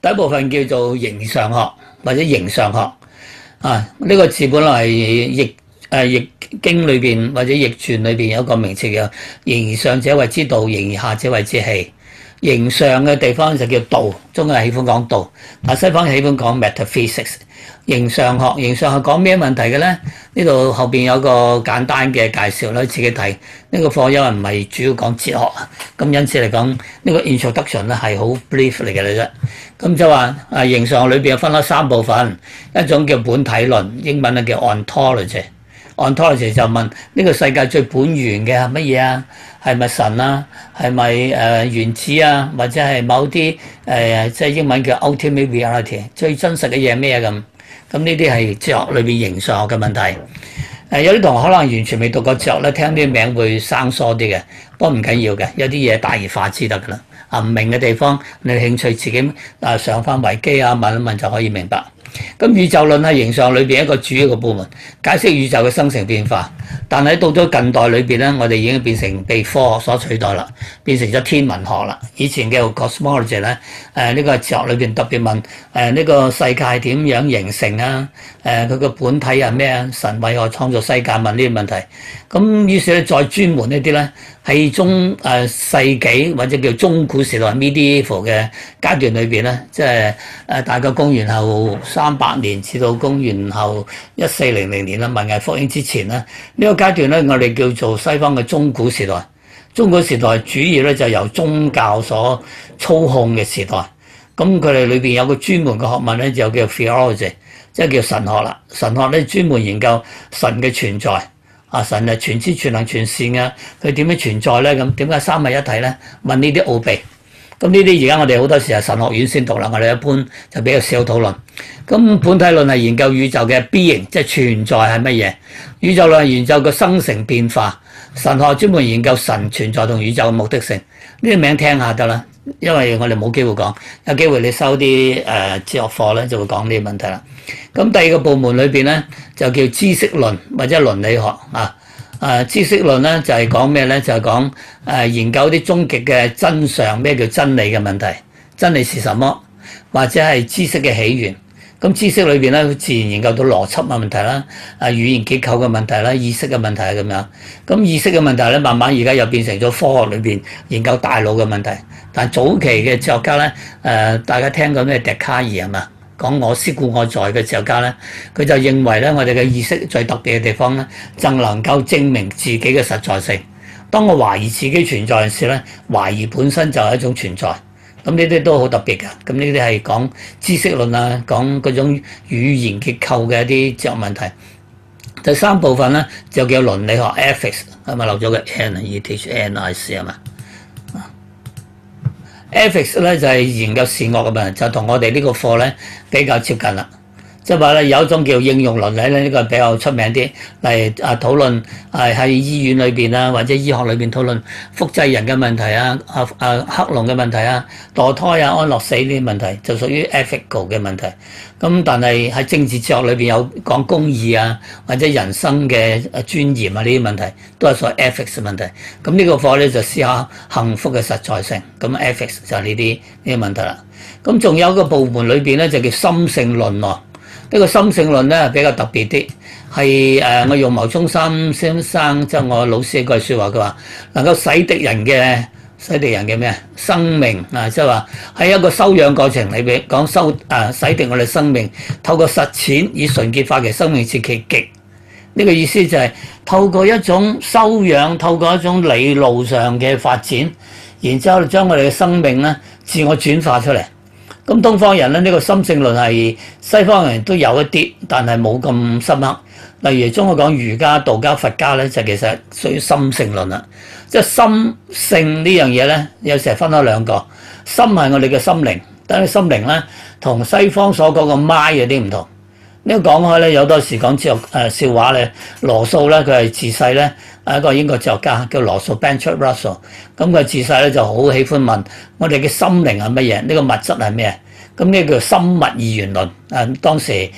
第一部分叫做形上學或者形上學啊，呢個個字本來係《易》，誒《易經》裏邊或者《易傳》裏邊有一個名詞叫形上者謂之道，形下者謂之器，形上嘅地方就叫道，中國人喜歡講道，但西方人喜歡講 metaphysics。形上學，形上學講咩問題嘅咧？呢度後邊有一個簡單嘅介紹啦，自己睇呢個課。因為唔係主要講哲學，咁因此嚟講，呢個 introduction 咧係好 brief 嚟嘅啫。咁就係話啊，形上學裏邊有分咗三部分，一種叫本體論，英文咧叫 ontology。ontology 就問呢個世界最本源嘅係乜嘢啊？係咪神啊？係咪誒原始啊？或者係某啲誒、呃、即係英文叫 ultimate reality 最真實嘅嘢係咩咁？咁呢啲係哲學裏面形上學嘅問題。呃、有啲同學可能完全未讀過哲學，聽啲名會生疏啲嘅、啊，不過唔緊要嘅，有啲嘢大而化之得㗎喇。啊唔明嘅地方，你興趣自己、啊、上返維基啊，問一問就可以明白。咁宇宙論係形上裏邊一個主要嘅部門，解釋宇宙嘅生成變化。但係到咗近代裏邊咧，我哋已經變成被科學所取代啦，變成咗天文學啦。以前嘅 cosmology、呃、咧，誒、這、呢個哲學裏邊特別問誒呢、呃這個世界點樣形成啊？誒佢嘅本體係咩啊？神為何創造世界？問呢啲問題。咁於是咧，再專門一啲咧係中誒世紀或者叫中古時代 medieval 嘅階段裏邊咧，即係誒、呃、大約公元後三百年至到公元後一四零零年咧，文藝復興之前咧呢，呢個階段咧我哋叫做西方嘅中古時代。中古時代主要咧就由宗教所操控嘅時代。咁佢哋裏邊有個專門嘅學問咧就叫 theology，即係叫神學啦。神學咧專門研究神嘅存在。啊神係全知全能全善啊，佢點樣存在咧？咁點解三位一體咧？問呢啲奧秘。咁呢啲而家我哋好多時候神學院先讀啦，我哋一般就比較少討論。咁本體論係研究宇宙嘅 B 型，即係存在係乜嘢？宇宙論係研究個生成變化。神學專門研究神存在同宇宙嘅目的性。呢啲名聽下得啦，因為我哋冇機會講。有機會你收啲誒哲學課咧，呃、課就會講呢啲問題啦。咁第二個部門裏邊咧，就叫知識論或者倫理學啊。誒知識論咧就係講咩咧？就係、是、講誒研究啲終極嘅真相，咩叫真理嘅問題？真理是什麼？或者係知識嘅起源？咁知識裏邊咧，自然研究到邏輯嘅問題啦、啊語言結構嘅問題啦、意識嘅問題咁樣。咁意識嘅問題咧，慢慢而家又變成咗科學裏邊研究大腦嘅問題。但係早期嘅哲學家咧，誒、呃、大家聽過咩笛卡爾係嘛？講我思故我在嘅哲學家咧，佢就認為咧，我哋嘅意識最特別嘅地方咧，就能夠證明自己嘅實在性。當我懷疑自己存在嘅時候咧，懷疑本身就係一種存在。咁呢啲都好特別嘅。咁呢啲係講知識論啊，講嗰種語言結構嘅一啲哲學問題。第三部分咧就叫倫理學 （ethics） 係咪留咗嘅？n e t、H、n i c s 係嘛。Ethics 咧就係研究視覺嘅嘛，就同我哋呢個課咧比較接近啦。即係話咧，有一種叫應用倫理咧，呢個係比較出名啲嚟啊，討論係喺醫院裏邊啊，或者醫學裏邊討論複製人嘅問題啊、啊啊克隆嘅問題啊、墮胎啊、安樂死呢啲問題，就屬於 ethical 嘅問題。咁但係喺政治哲學裏邊有講公義啊，或者人生嘅尊嚴啊呢啲問題，都係屬於 ethics 嘅問題。咁呢個課咧就試下幸福嘅實在性。咁 ethics 就係呢啲呢啲問題啦。咁仲有一個部門裏邊咧就叫心性論咯。呢個心性論咧比較特別啲，係誒、呃、我用牟宗三先生即係、就是、我老師嗰句説話，佢話能夠洗滌人嘅洗滌人嘅咩生命啊，即係話喺一個修養過程裏邊講修誒洗滌我哋生命，透過實踐以純潔化嘅生命至其極，呢個意思就係、是、透過一種修養，透過一種理路上嘅發展，然之後將我哋嘅生命咧自我轉化出嚟。咁東方人咧呢個心性論係西方人都有一啲，但係冇咁深刻。例如中國講儒家、道家、佛家咧，就其實屬於心性論啦。即係心性呢樣嘢咧，有時候分開兩個。心係我哋嘅心靈，但係心靈咧同西方所講嘅 mind 有啲唔同。一講開咧，有多時講著誒、啊、笑話咧。羅素咧，佢係自細咧係一個英國作家，叫羅素 Bertrand Russell。咁佢自細咧就好喜歡問我哋嘅心靈係乜嘢，呢、這個物質係咩？咁、嗯、呢叫心物二元論。誒、嗯、當時誒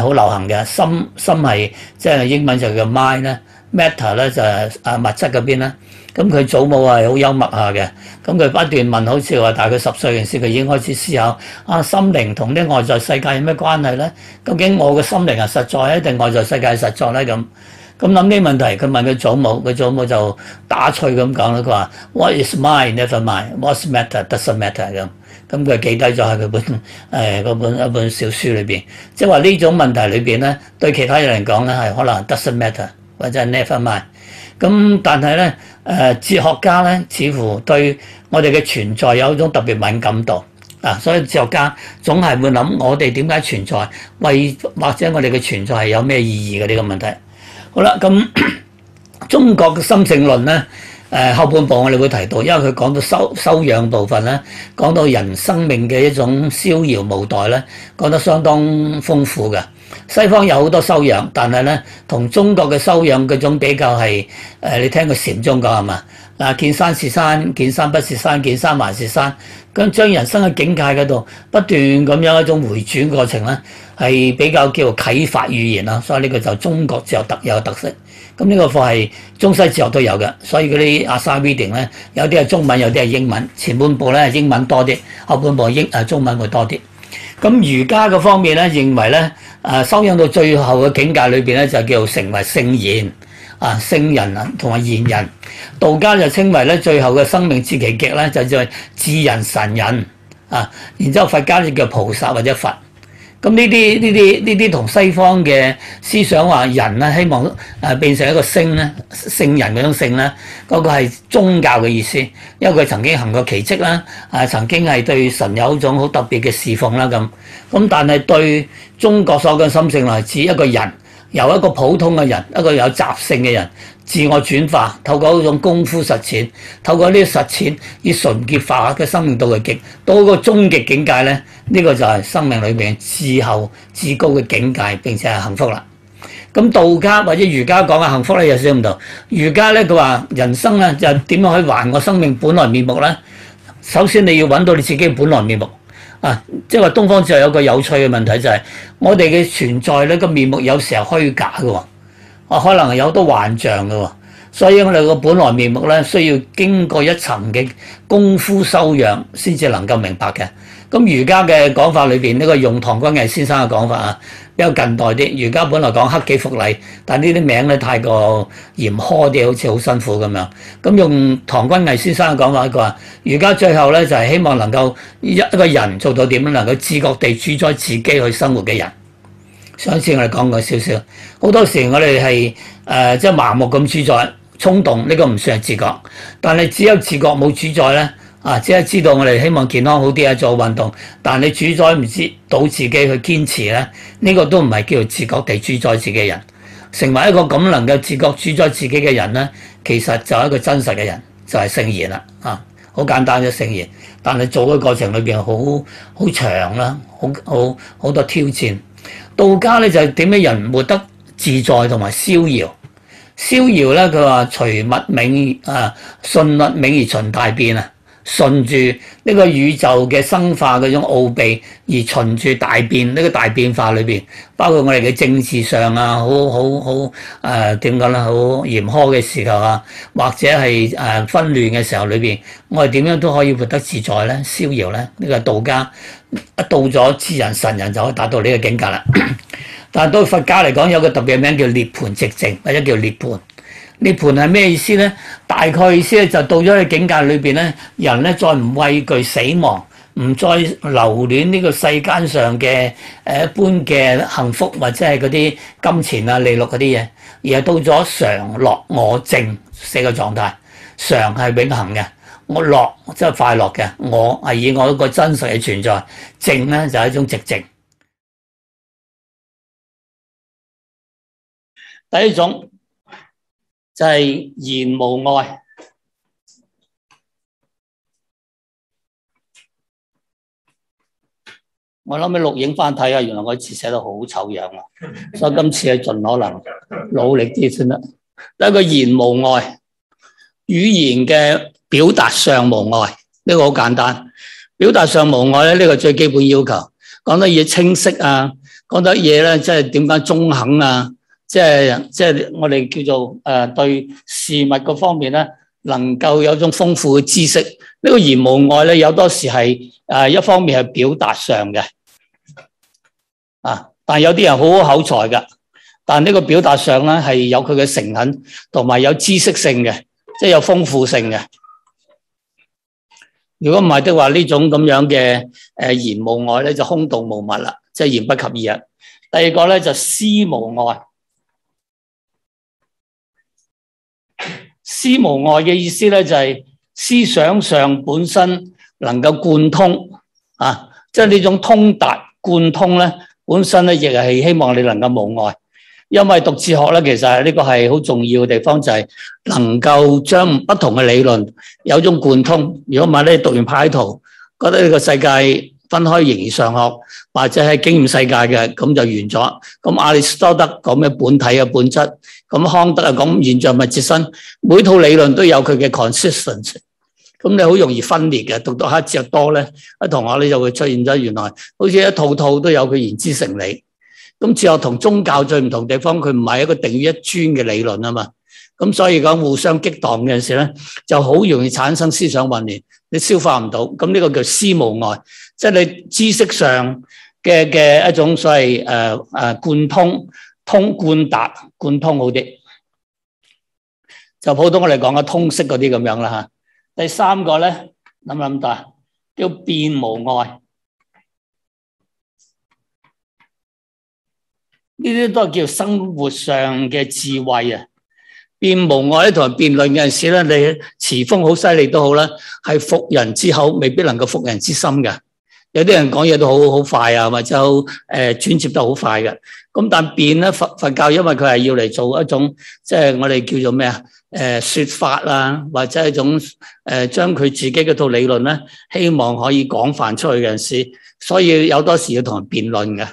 好流行嘅心心係即係英文就叫 mind 咧，matter 咧就係、是、啊物質嗰邊咧。咁佢祖母係好幽默下嘅，咁佢不斷問，好似話大概十歲嘅時，佢已經開始思考啊，心靈同啲外在世界有咩關係咧？究竟我嘅心靈係實在啊咧定外在世界實在咧咁？咁諗啲問題，佢問佢祖母，佢祖母就打趣咁講啦，佢話 What is mind? Never mind. What's matter? Doesn't matter. 咁咁佢記低咗喺佢本誒、哎、本一本小書裏邊，即係話呢種問題裏邊咧，對其他人嚟講咧係可能 doesn't matter。或者呢分賣，咁但係咧，誒哲學家咧，似乎對我哋嘅存在有一種特別敏感度啊，所以哲學家總係會諗我哋點解存在，為或者我哋嘅存在係有咩意義嘅呢個問題。好啦，咁、嗯、中國嘅心性論咧，誒後半部我哋會提到，因為佢講到修修養部分咧，講到人生命嘅一種逍遙無待咧，講得相當豐富嘅。西方有好多修養，但係咧，同中國嘅修養嗰種比較係，誒、呃，你聽過禪宗講係嘛？啊，見山是山，見山不是山，見山還是山，咁將人生嘅境界嗰度不斷咁樣一種迴轉過程啦，係比較叫啟發語言啦。所以呢個就中國哲學特有嘅特色。咁呢個課係中西哲學都有嘅，所以嗰啲阿三 reading 咧，有啲係中文，有啲係英文。前半部咧，英文多啲，後半部英啊中文會多啲。咁儒家嘅方面咧，認為咧。啊，修養到最後嘅境界裏邊咧，就叫成為聖賢，啊，聖人啊，同埋賢人。道家就稱為咧最後嘅生命至其極咧，就叫至人、神人，啊，然之後佛家就叫菩薩或者佛。咁呢啲呢啲呢啲同西方嘅思想話人咧，希望誒變成一個聖咧聖人嗰種聖咧，嗰個係宗教嘅意思，因為佢曾經行過奇蹟啦，誒曾經係對神有一種好特別嘅侍奉啦咁。咁但係對中國所嘅心性嚟自一個人，由一個普通嘅人，一個有習性嘅人。自我轉化，透過嗰種功夫實踐，透過呢啲實踐，以純潔化嘅生命度嘅極到一個終極境界咧，呢、這個就係生命裏邊至後至高嘅境界，並且係幸福啦。咁道家或者儒家講嘅幸福咧，有少少唔同。儒家咧，佢話人生咧就點、是、樣可以還我生命本來面目咧？首先你要揾到你自己本來面目啊！即係話東方就有個有趣嘅問題就係、是，我哋嘅存在咧個面目有時候虛假嘅喎。我可能有好多幻象嘅，所以我哋個本來面目咧需要經過一層嘅功夫修養，先至能夠明白嘅。咁儒家嘅講法裏邊，呢、這個用唐君毅先生嘅講法啊，比較近代啲。儒家本來講克己復禮，但呢啲名咧太過嚴苛啲，好似好辛苦咁樣。咁用唐君毅先生嘅講法，佢話儒家最後咧就係希望能夠一一個人做到點樣能夠自覺地主宰自己去生活嘅人。上次我哋講過少少，好多時我哋係誒即係盲目咁主宰、衝動，呢個唔算係自覺。但係只有自覺冇主宰咧，啊，只係知道我哋希望健康好啲啊，做運動。但係你主宰唔知到自己去堅持咧，呢個都唔係叫自覺地主宰自己嘅人。成為一個咁能夠自覺主宰自己嘅人咧，其實就係一個真實嘅人，就係聖賢啦，啊，好簡單嘅聖賢。但係做嘅過程裏邊，好好長啦，好好好多挑戰。道家咧就點樣人活得自在同埋逍遙？逍遙咧，佢話隨物冥啊，順物冥而循大變啊，順住呢個宇宙嘅生化嗰種奧秘而循住大變呢個大變化裏邊，包括我哋嘅政治上啊，好好好誒點講啦，好嚴苛嘅時候啊，或者係誒紛亂嘅時候裏邊，我哋點樣都可以活得自在咧、逍遙咧？呢個道家。一到咗智人、神人就可以達到呢個境界啦。 但係對佛家嚟講，有個特別嘅名叫涅槃寂靜，或者叫涅槃。涅槃係咩意思咧？大概意思咧，就到咗呢個境界裏邊咧，人咧再唔畏懼死亡，唔再留戀呢個世間上嘅誒一般嘅幸福或者係嗰啲金錢啊、利祿嗰啲嘢，而係到咗常樂我淨四個狀態，常係、這個、永恒嘅。我樂即係快樂嘅，我係以我一個真實嘅存在靜咧就係一種寂靜。第一種就係言無愛。我諗起錄影翻睇下，原來我字寫到好醜樣啊，所以今次係盡可能努力啲先啦。第一個言無愛，語言嘅。表達上無礙，呢個好簡單。表達上無礙咧，呢個最基本要求。講得嘢清晰啊，講得嘢咧，即係點解中肯啊，即係即係我哋叫做誒對事物嗰方面咧，能夠有種豐富嘅知識。呢個言無礙咧，有多時係誒一方面係表達上嘅啊，但係有啲人好好口才嘅，但係呢個表達上咧係有佢嘅誠懇同埋有知識性嘅，即係有豐富性嘅。如果唔係的話，呢種咁樣嘅誒言無礙咧，就空洞無物啦，即係言不及義啊。第二個咧就思無礙，思無礙嘅意思咧就係思想上本身能夠貫通啊，即係呢種通達貫通咧，本身咧亦係希望你能夠無礙。因為讀哲學咧，其實呢個係好重要嘅地方，就係、是、能夠將不同嘅理論有種貫通。如果唔係咧，讀完柏拉圖，覺得呢個世界分開形而上學或者係經驗世界嘅，咁就完咗。咁亞里士多德講嘅本體嘅本質，咁康德啊講現象物自身，每套理論都有佢嘅 consistence。咁你好容易分裂嘅，讀到黑次多咧，一同學咧就會出現咗，原來好似一套一套都有佢言之成理。咁哲學同宗教最唔同地方，佢唔係一個定於一尊嘅理論啊嘛。咁所以講互相激盪嘅陣時咧，就好容易產生思想混亂，你消化唔到。咁呢個叫思無礙，即係你知識上嘅嘅一種所謂誒誒貫通、通貫達貫通好啲，就普通我哋講嘅通識嗰啲咁樣啦嚇、啊。第三個咧，諗唔諗到叫變無礙。呢啲都係叫生活上嘅智慧啊！辯無礙咧，同人辯論嗰陣時咧，你詞風好犀利都好啦，係服人之口未必能夠服人之心嘅。有啲人講嘢都好好快啊，或者誒轉接得好快嘅。咁但係辯咧，佛佛教因為佢係要嚟做一種，即係我哋叫做咩啊？誒説法啊，或者一種誒將佢自己嗰套理論咧，希望可以廣泛出去嗰陣時，所以有多時要同人辯論嘅。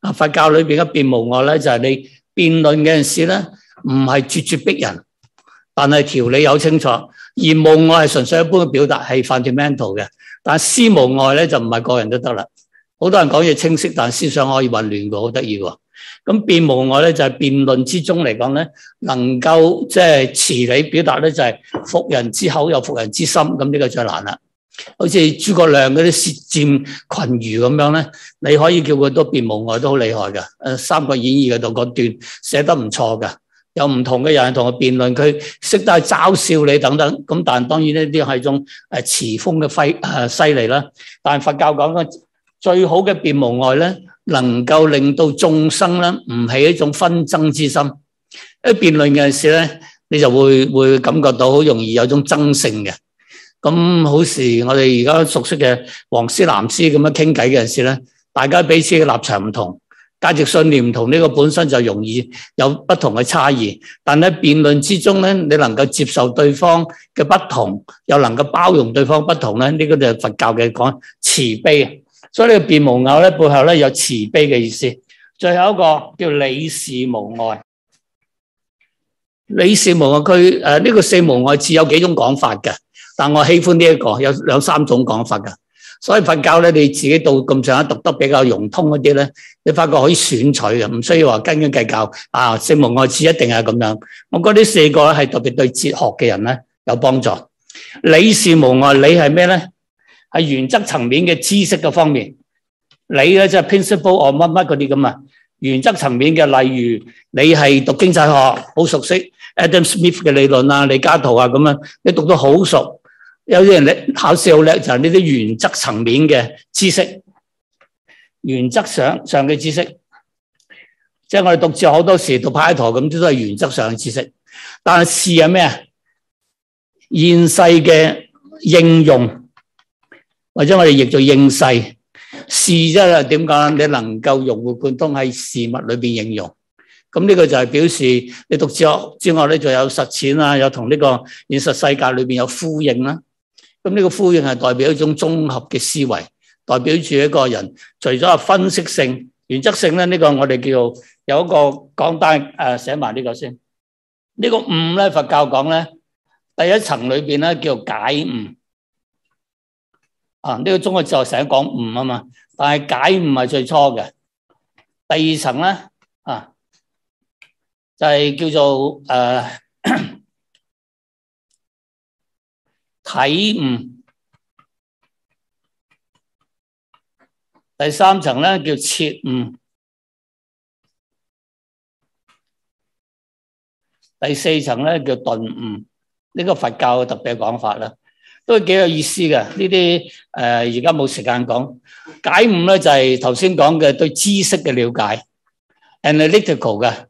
啊，佛教裏邊嘅辯無外咧，就係你辯論嘅陣時咧，唔係咄咄逼人，但係條理有清楚；而無外係純粹一般嘅表達，係 fundamental 嘅。但係思無外咧，就唔係個人都得啦。好多人講嘢清晰，但係思想可以混亂嘅，好得意喎。咁辯無外咧，就係辯論之中嚟講咧，能夠即係詞理表達咧，就係服人之口，又服人之心。咁呢個最難啦。好似諸葛亮嗰啲舌戰群儒咁樣咧，你可以叫佢都辯無礙都好厲害噶。誒，《三國演義》嗰度嗰段寫得唔錯噶，有唔同嘅人同佢辯論，佢識得嘲笑你等等。咁但係當然呢啲係一種誒詞鋒嘅輝誒犀利啦。但係佛教講嘅最好嘅辯無礙咧，能夠令到眾生咧唔起一種紛爭之心。一辯論嘅陣時咧，你就會會感覺到好容易有種爭勝嘅。咁好似我哋而家熟悉嘅黃絲藍絲咁樣傾偈嘅陣時咧，大家彼此嘅立場唔同，價值信念唔同，呢個本身就容易有不同嘅差異。但喺辯論之中咧，你能夠接受對方嘅不同，又能夠包容對方不同咧，呢個就佛教嘅講慈悲。所以呢個辯無礙咧，背後咧有慈悲嘅意思。最後一個叫理事無礙，理事無礙佢誒，呢個四無礙智有幾種講法嘅。但我喜歡呢一個有兩三種講法㗎，所以佛教咧，你自己到咁上下讀得比較融通嗰啲咧，你發覺可以選取嘅，唔需要話斤斤計較啊，聖無外此一定係咁樣。我覺得呢四個咧係特別對哲學嘅人咧有幫助。理是無外，理係咩咧？係原則層面嘅知識嘅方面。理咧即係 principle 哦，乜乜嗰啲咁啊，原則層面嘅，例如你係讀經濟學，好熟悉 Adam Smith 嘅理論啊，李嘉圖啊咁樣，你讀得好熟。有啲人叻，考試好叻，就係呢啲原則層面嘅知識、原則上上嘅知識。即係我哋讀書好多時讀派台咁，都都係原則上嘅知識。但係試係咩啊？現世嘅應用，或者我哋亦做應世試，即係點講？你能夠融會貫通喺事物裏邊應用。咁呢個就係表示你讀哲學之外咧，仲有實踐啊，有同呢個現實世界裏邊有呼應啦。咁呢個呼應係代表一種綜合嘅思維，代表住一個人除咗係分析性、原則性咧，呢個我哋叫做有一個講單誒，寫埋呢個先。呢個悟咧，佛教講咧，第一層裏邊咧叫解悟。啊，呢個中國就成日講悟啊嘛，但係解悟係最初嘅。第二層咧，啊，就係叫做誒。體悟，第三層咧叫切悟，第四層咧叫頓悟。呢個佛教特別嘅講法啦，都幾有意思嘅。呢啲誒，而家冇時間講，解悟咧，就係頭先講嘅對知識嘅了解，analytical 嘅。Anal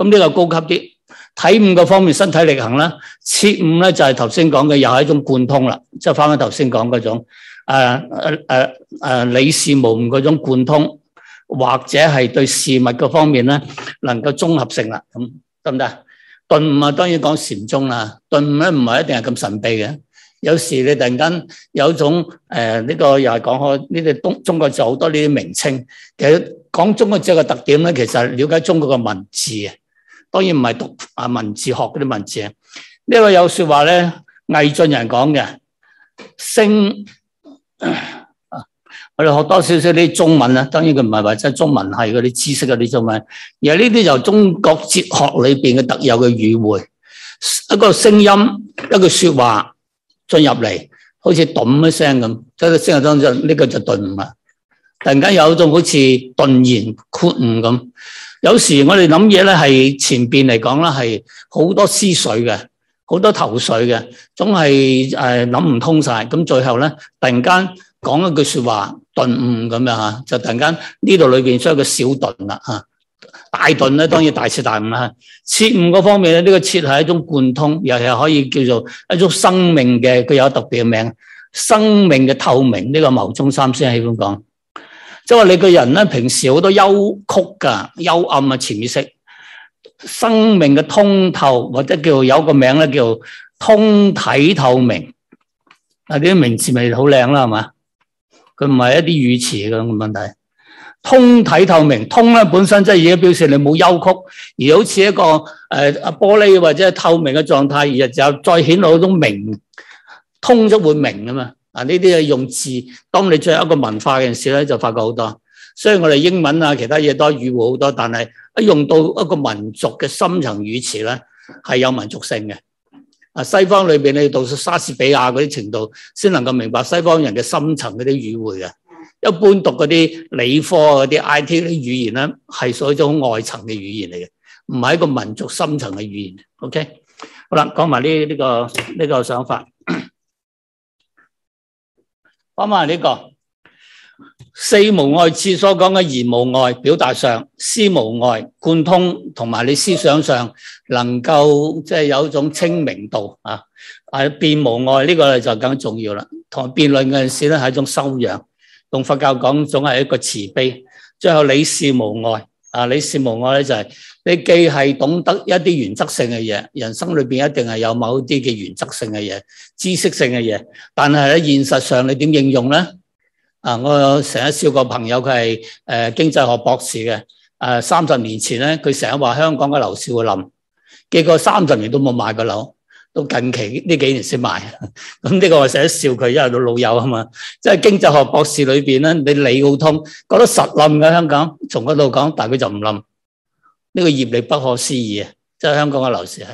咁呢個高級啲，體悟個方面身體力行啦。徹悟咧就係頭先講嘅，又係一種貫通啦，即係翻翻頭先講嗰種誒誒誒誒理事無礙嗰種貫通，或者係對事物個方面咧能夠綜合性啦，咁得唔得？頓悟啊，當然講禪宗啦。頓悟咧唔係一定係咁神秘嘅，有時你突然間有種誒，呢個又係講開呢啲中中國就好多呢啲名稱。其實講中國字嘅特點咧，其實係瞭解中國嘅文字啊。當然唔係讀啊文字學嗰啲文字啊，呢個有說話咧，魏晉人講嘅聲啊、呃，我哋學多少少啲中文啦。當然佢唔係話真中文係嗰啲知識嗰啲中文，而係呢啲就中國哲學裏邊嘅特有嘅語彙，一個聲音，一句說話進入嚟，好似咚一,一聲咁，即係聲入聲入，呢個就頓悟啦，突然間有一種好似頓然豁悟咁。有時我哋諗嘢咧，係前邊嚟講咧，係好多思緒嘅，好多頭緒嘅，總係誒諗唔通晒。咁最後咧，突然間講一句說話頓悟咁樣吓，就突然間呢度裏邊出一個小頓啦吓，大頓咧當然大徹大悟啦。徹悟方面咧，呢、這個徹係一種貫通，又係可以叫做一種生命嘅，佢有特別嘅名，生命嘅透明。呢、這個牟宗三先喜歡講。即係話你個人咧，平時好多幽曲噶、幽暗啊、潛意識、生命嘅通透或者叫有個名咧叫通體透明，嗱啲名詞咪好靚啦，係嘛？佢唔係一啲語詞嘅問題。通體透明，通咧本身即係已經表示你冇幽曲，而好似一個誒啊、呃、玻璃或者係透明嘅狀態，而又再顯露一種明，通咗會明噶嘛。啊！呢啲啊用字，當你做一個文化嘅事咧，就發覺好多。雖然我哋英文啊，其他嘢都係語匯好多，但係一用到一個民族嘅深層語詞咧，係有民族性嘅。啊，西方裏邊你要讀莎士比亞嗰啲程度，先能夠明白西方人嘅深層嗰啲語匯嘅。一般讀嗰啲理科嗰啲 IT 啲語言咧，係屬於一種外層嘅語言嚟嘅，唔係一個民族深層嘅語言。OK，好啦，講埋呢呢個呢、呢個想法。咁啊呢個四無礙次所講嘅言無礙，表達上思無礙貫通，同埋你思想上能夠即係有一種清明度啊，係辯無礙呢、這個就更重要啦。同辯論嗰陣時咧係一種修養，同佛教講總係一個慈悲。最後理事無礙。啊、就係！你羨慕我咧，就係你既係懂得一啲原則性嘅嘢，人生裏邊一定係有某啲嘅原則性嘅嘢、知識性嘅嘢，但係咧現實上你點應用咧？啊！我成日笑個朋友佢係誒經濟學博士嘅，誒三十年前咧佢成日話香港嘅樓市會冧，結果三十年都冇買過樓。到近期呢幾年先賣，咁、這、呢個我成日笑佢，因為老友啊嘛，即係經濟學博士裏邊咧，你理好通，覺得實冧嘅香港，從嗰度講，但係佢就唔冧，呢、這個業力不可思議啊！即係香港嘅樓市係。